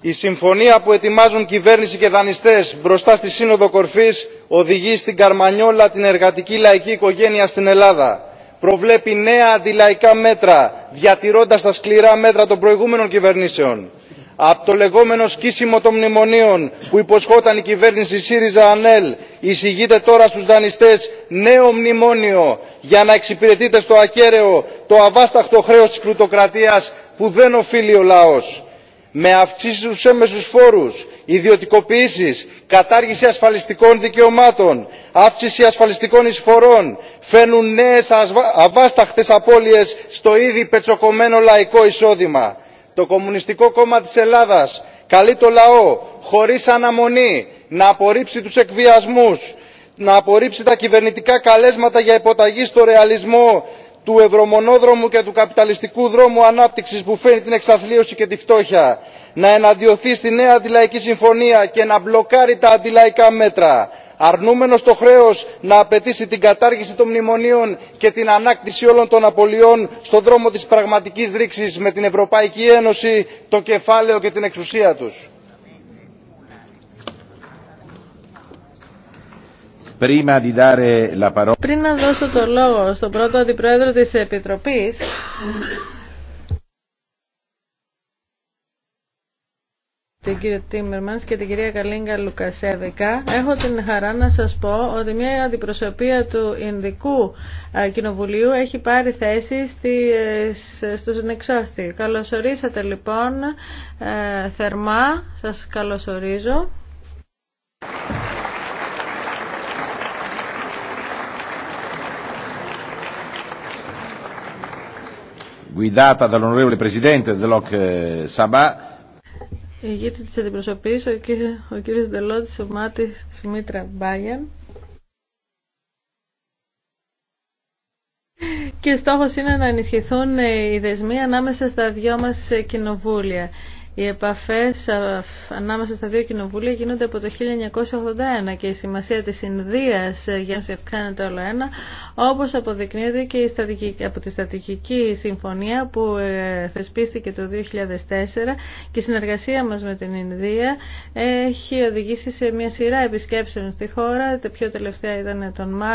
Η συμφωνία που ετοιμάζουν κυβέρνηση και δανειστές μπροστά στη Σύνοδο Κορφής οδηγεί στην Καρμανιόλα την εργατική λαϊκή οικογένεια στην Ελλάδα. Προβλέπει νέα αντιλαϊκά μέτρα, διατηρώντας τα σκληρά μέτρα των προηγούμενων κυβερνήσεων από το λεγόμενο σκίσιμο των μνημονίων που υποσχόταν η κυβέρνηση ΣΥΡΙΖΑ ΑΝΕΛ εισηγείται τώρα στους δανειστές νέο μνημόνιο για να εξυπηρετείτε στο ακέραιο το αβάσταχτο χρέος της πλουτοκρατίας που δεν οφείλει ο λαός. Με αυξήσεις στους έμεσους φόρους, ιδιωτικοποιήσεις, κατάργηση ασφαλιστικών δικαιωμάτων, αύξηση ασφαλιστικών εισφορών φαίνουν νέες αβάσταχτες απώλειες στο ήδη πετσοκομμένο λαϊκό εισόδημα το κομμουνιστικό κόμμα της ελλάδας καλεί το λαό χωρίς αναμονή να απορρίψει τους εκβιασμούς να απορρίψει τα κυβερνητικά καλέσματα για υποταγή στο ρεαλισμό του ευρωμονόδρομου και του καπιταλιστικού δρόμου ανάπτυξης που φέρνει την εξαθλίωση και τη φτώχεια να εναντιωθεί στη νέα αντιλαϊκή συμφωνία και να μπλοκάρει τα αντιλαϊκά μέτρα αρνούμενος το χρέος να απαιτήσει την κατάργηση των μνημονίων και την ανάκτηση όλων των απολειών στον δρόμο της πραγματικής ρήξης με την ευρωπαϊκή ένωση το κεφάλαιο και την εξουσία τους. Πριν να δώσω το λόγο στον πρώτο αντιπρόεδρο της Επιτροπής, την κύριο Τίμερμανς και την κυρία Καλίνγκα Λουκασέβικα. Έχω την χαρά να σας πω ότι μια αντιπροσωπεία του Ινδικού Κοινοβουλίου έχει πάρει θέση στου ε, στους Νεξώστη. Καλωσορίσατε λοιπόν ε, θερμά, σας καλωσορίζω. Guidata dall'onorevole Presidente eh, Sabah, η ηγέτη της αντιπροσωπής, ο, κύριο ο κύριος Δελότης, ο Μάτης Σμήτρα Μπάγιαν. Και στόχος είναι να ενισχυθούν οι δεσμοί ανάμεσα στα δυο μας κοινοβούλια. Οι επαφές ανάμεσα στα δύο κοινοβούλια γίνονται από το 1981 και η σημασία της Ινδίας για να αυξάνεται όλο ένα, όπως αποδεικνύεται και από τη στρατηγική Συμφωνία που ε, θεσπίστηκε το 2004 και η συνεργασία μας με την Ινδία έχει οδηγήσει σε μια σειρά επισκέψεων στη χώρα. Τα πιο τελευταία ήταν τον Μάρτιο